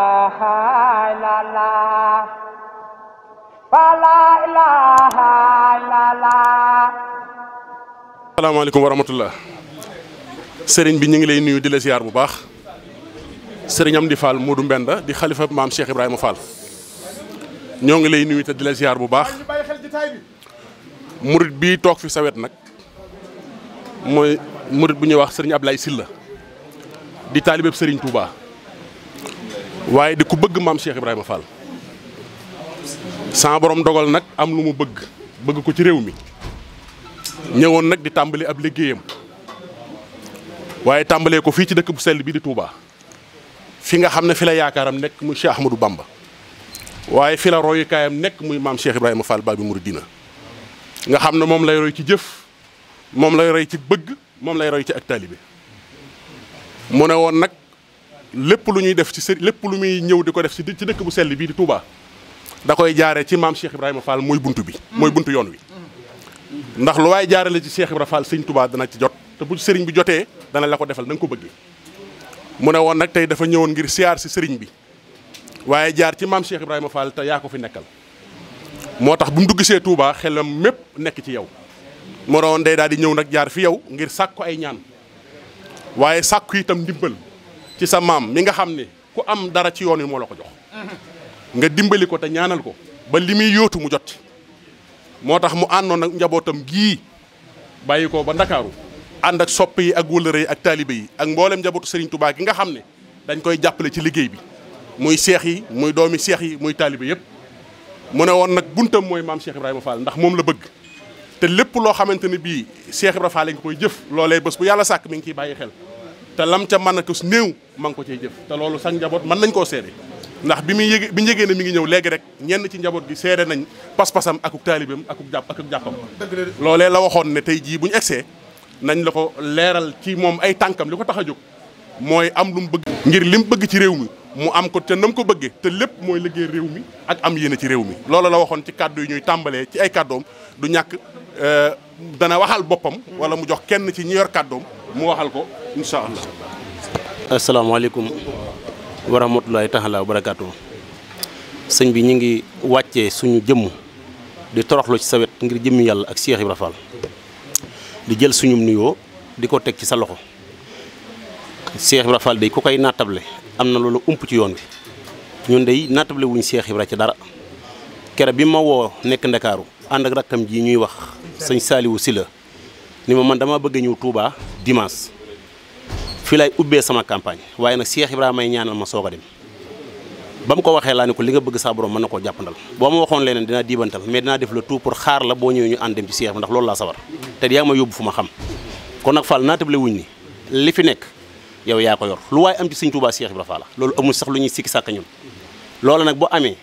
asalaamaaleykum wa rahmatullah sëriñ bi ñu ngi lay nuyu di la bu baax sëriñ Amdi Fall Modou mbend di xalifa maam Cheikh Ibrahima Fall ñoo ngi lay nuyu te di la ziar bu baax murit bii toog fi sawet nag mooy murit bu ñuy wax sëriñ Ablaye Sylla di taalibeb sëriñ Touba. waaye di ku bëgg maam Cheikh Ibrahima Fall sama borom dogal nag am lu mu bëgg bëgg ko ci réew mi ñëwoon nag di tàmbali ab liggéeyam waaye tàmbalee ko fii ci dëkk bu sell bi di tuubaa fi nga xam ne fi la yaakaaram nekk muy Cheikh Ahmadou Bamba waaye fi la royukaayam nekk muy maam Cheikh Ibrahima Fall Babi dina nga xam ne moom lay roy ci jëf moom lay roy ci bëgg moom lay roy ci ak taalibe mu ne woon nag lépp lu ñuy def ci së lépp lu muy ñëw di ko def ci ci dëkk bu selli bii di Touba da koy jaare ci maam Cheikh Ibrahima Fall mooy buntu bi mooy buntu yoon wi ndax lu waaye jaarale ci Cheikh Ibrahima sëñ Touba dana ci jot te bu sëriñ bi jotee dana la ko defal na nga ko bëggee mu ne woon nag tey dafa ñëwoon ngir si sëriñ bi waaye jaar ci maam Cheikh Ibrahima Fall te yaa ko fi nekkal moo tax bu mu dugg see Touba xelam mépp nekk ci yow moo doon day daal di ñëw nag jaar fi yow ngir sàkk ko ay ñaan waaye sàkku itam ndimbal ci sa maam mi nga xam ne ku am dara ci yoon wi moo la ko jox nga dimbali ko te ñaanal ko ba li muy yootu mu jot moo tax mu àndoon ak njabootam gi bàyyi ko ba ndakaaru ànd ak sopp yi ak wëllëre yi ak taalibe yi ak mboolem njabootu Serigne Touba gi nga xam ne dañ koy jàppale ci liggéey bi muy seex yi muy doomi seex yi muy taalibe yëpp mu ne woon nag buntam mooy maam Cheikh Ibrahima Fall ndax moom la bëgg te lépp loo xamante ne bii Cheikh Ibrahima Fall nga koy jëf loolee bés bu yàlla sàkk mi ngi ciy bàyyi xel te lam ca mën ko néew ma ngi ko cee jëf te loolu sax njaboot mën nañ koo seede ndax bi muy yëg bi ñu yëgee ne mi ngi ñëw léegi rek ñenn ci njaboot gi seede nañ pas-pasam akuk taalibeem akuk jàpp akuk jàppam loolee la waxoon ne tey jii bu egsee nañ la ko leeral ci moom ay tànkam li ko tax a jóg mooy am lu mu bëgg ngir li mu bëgg ci réew mi mu am ko te nam ko bëggee te lépp mooy liggéey réew mi ak am yéene ci réew mi loolu la waxoon ci kàddu yi ñuy tàmbalee ci ay kàddoom du ñàkk euh, dana waxal boppam wala mu jox kenn ci ñi yor kàddoom mu waxal ko incha allah asalaamaaleykum wa rahmatulahi taala wa barakaatu sëñ bi ñu ngi wàcce suñu jëmm di toroxlu ci sa wet ngir jëmm yàlla ak Cheikh Ibra Fall di jël suñu nuyoo di ko teg ci sa loxo Cheikh Ibra Fall day ku koy nattable am na loolu ump ci yoon bi ñun day nattable wuñ Cheikh Ibra ci dara kere bi ma woo nekk ndakaaru ànd ak rakkam ji ñuy wax sëñ si la ni ma man dama bëgg ñëw Touba dimanche fii laay ubbee sama campagne waaye nag Cheikh Ibrahima ay ñaanal ma soog a dem ba mu ko waxee laa ne ko li nga bëgg saa borom mën na koo jàppandal boo ma waxoon leen dinaa diibantal mais dinaa def le tout pour xaar la boo ñëwee ñu ànd dem ci Cheikh laa sawar te ma xam yow yaa ko yor lu waaye am ci sëñ Tuubaa Cheikh Ibra Fall loolu amul sax lu ñuy sikki sàkk ñun loolu nag bu amee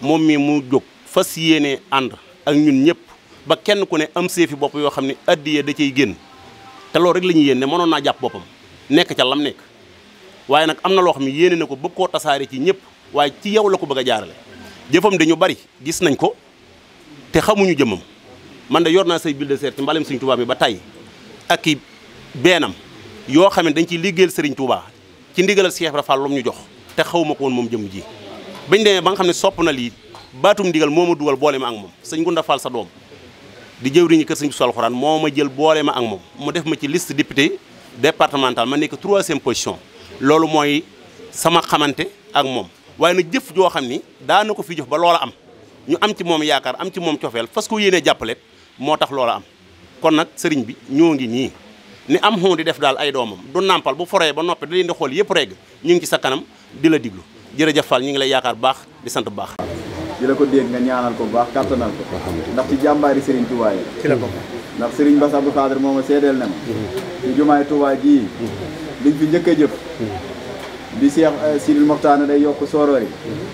moom mii mu jóg fas yéene ànd ak ñun ñëpp ba kenn ku ne am seefi bopp yoo xam ne addiya da cay génn te loolu rek lañu ñuy yéene mënoon naa jàpp boppam nekk ca lam nekk waaye nag am na loo xam ne yéene na ko bëgg koo tasaare ci ñëpp waaye ci yow la ko bëgg a jaarale jëfam dañu bari gis nañ ko te xamuñu jëmam man de yor naa say bulldozer ci mbalem sëñ Tuubaa bi ba tey ak beenam yoo xam ne dañ ci liggéeyal Serigne Touba ci ndigalal Cheikh Ibra Fall lu ñu jox te xawuma ko woon moom jëm ji bañ demee ba nga xam ne sopp na lii baatum ndigal moo ma dugal boole ma ak moom sëñ Gunda Fall sa doom di jëwriñu kër sëñ Bissou Alxuraan moo ma jël boole ma ak moom mu def ma ci list député départemental ma nekk troisième position loolu mooy sama xamante ak moom waaye nag jëf joo xam ni daana ko fi jox ba loola am ñu am ci moom yaakaar am ci moom cofeel fas ko yéenee jàppale moo tax loola am kon nag sëriñ bi ñoo ngi nii ni am xon di def daal ay doomam du nàmpal bu foree ba noppi da leen di xool yëpp reg ñu ngi ci sa kanam di la diglu jërëjëf Fall ñu ngi lay yaakaar baax di sant bu baax di la ko dégg nga ñaanal ko bu baax kàttanal ko ndax ci jàmbaari Serigne Touba yi ci la bokk ndax Serigne Bass Abdou Khadre moo ma seedeel na ma ci jumaay Touba jii liñ fi njëkk a jëf bi Cheikh euh, Sidil Mokhtar day yokk sooroor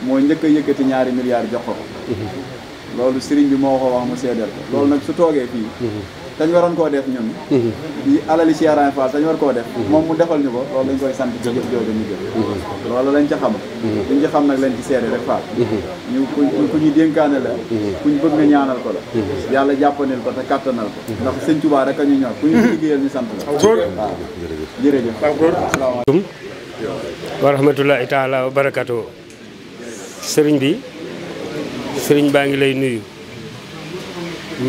moo njëkk a yëkkati ñaari milliards jox ko mhm. loolu Serigne bi moo ko wax mu seedeel loolu nag su toogee fii mhm. dañ waroon koo def ñun mhm. di alali Cheikh Ibra Fall dañ war koo def mhm. moom mu defal ñu ko loolu lañ koy sant ci jëf jooju ñu jëf mhm. loolu lañ ca xam liñ ca xam nag lañ ci seede rek Fall ñu ku ñu dénkaane la ku ñu bëgg nga ñaanal ko la yàlla jàppanil ko te kattanal ko ndax sëñ Tuubaa rek a ñu ñor ku ñu liggéeyal ñu sant la waaw jërëjëf asalaamaaleykum wa rahmatulahi taala wa barakatuh sëriñ bi sëriñ baa ngi lay nuyu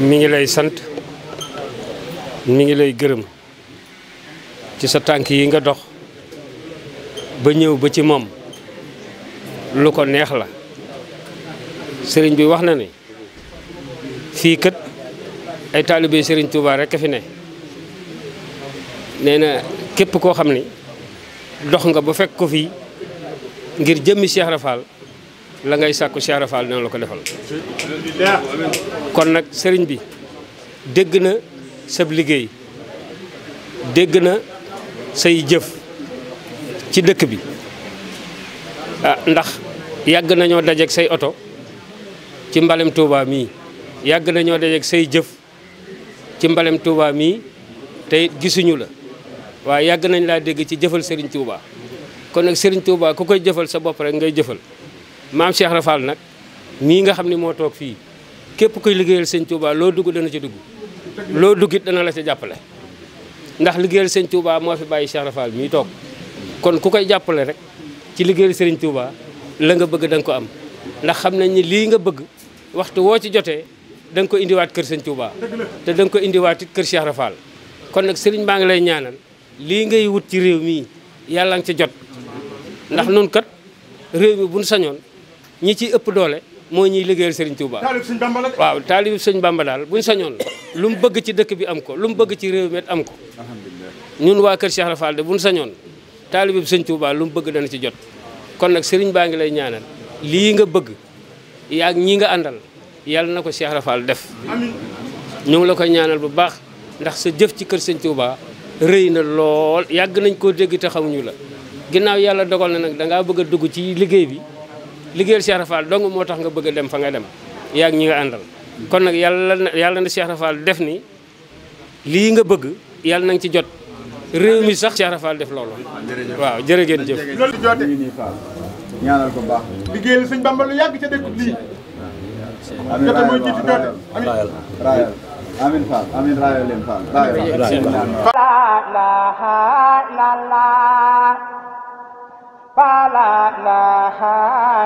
mu ngi lay sant mu ngi lay gërëm ci sa tànk yi nga dox ba ñëw ba ci moom lu ko neex la sëriñ bi wax na ne fii kët ay taalibe sëriñ Touba rek a fi ne nee na képp koo xam ni dox nga ba fekk ko fii ngir jëmmi Cheikh la ngay sàkku Cheikh nee la ko defal kon nag sëriñ bi dégg na sab liggéey dégg na say jëf ci dëkk bi ah, ndax yàgg nañoo dajeeg say oto ci mbalem Touba mii yàgg nañoo dajeeg say jëf ci mbalem Touba mii tey gisuñu la waaye yàgg nañ laa dégg ci jëfal Serigne tuuba kon nag sëriñ Touba ku koy jëfal sa bopp rek ngay jëfal maam Cheikh Rafal nag mii nga xam ni moo toog fii képp kuy liggéeyal sëñ Touba loo dugg dana ci dugg loo duggit dana la ca jàppale ndax liggéeyal sëñ tuubaa moo fi bàyyi Cheikh Rafal mi toog kon ku koy jàppale rek ci liggéeyal sëriñ Touba la nga bëgg da ko am ndax xam nañ ni lii nga bëgg waxtu woo ci jotee da ko indiwaat kër sëñ Touba te da ko indiwaat it kër Cheikh Rafal kon nag sëriñ baa ngi lay ñaanal lii ngay wut ci réew mii yàlla nga ci jot ndax nun réew mi bu nu sañoon ñi ciy ëpp doole moo ñuy liggéeyal Serigne Touba. taalib sëñ Bamba la waaw taalib sëñ Bamba daal bu buñ sañoon lu mu bëgg ci dëkk bi am ko lu mu bëgg ci réew mi am ko. alhamdulilah waa Kër Cheikh Ibra Fall de buñ sañoon taalib sëñ Touba lu mu bëgg dana ci jot. kon nag sëriñ baa ngi lay ñaanal lii nga bëgg yaa ñi nga àndal yàlla na ko Cheikh Ibra Fall def. amiin ñu ngi la koy ñaanal bu baax ndax sa jëf ci kër sëñ Touba rëy na lool yàgg nañ koo dégg te xamuñu la ginnaaw yàlla dogal na nag dangaa bëgg a dugg ci liggéey bi liggéeyal Cheikh Rafal dong moo tax nga bëgg a dem fa nga dem yaag ñi nga àndal kon nag yàlla na yàlla na Cheikh Rafal def ni lii nga bëgg yàlla na ci jot réew mi sax Cheikh Rafal def loolu waaw jërë ngeen jëf loolu joote ñaanal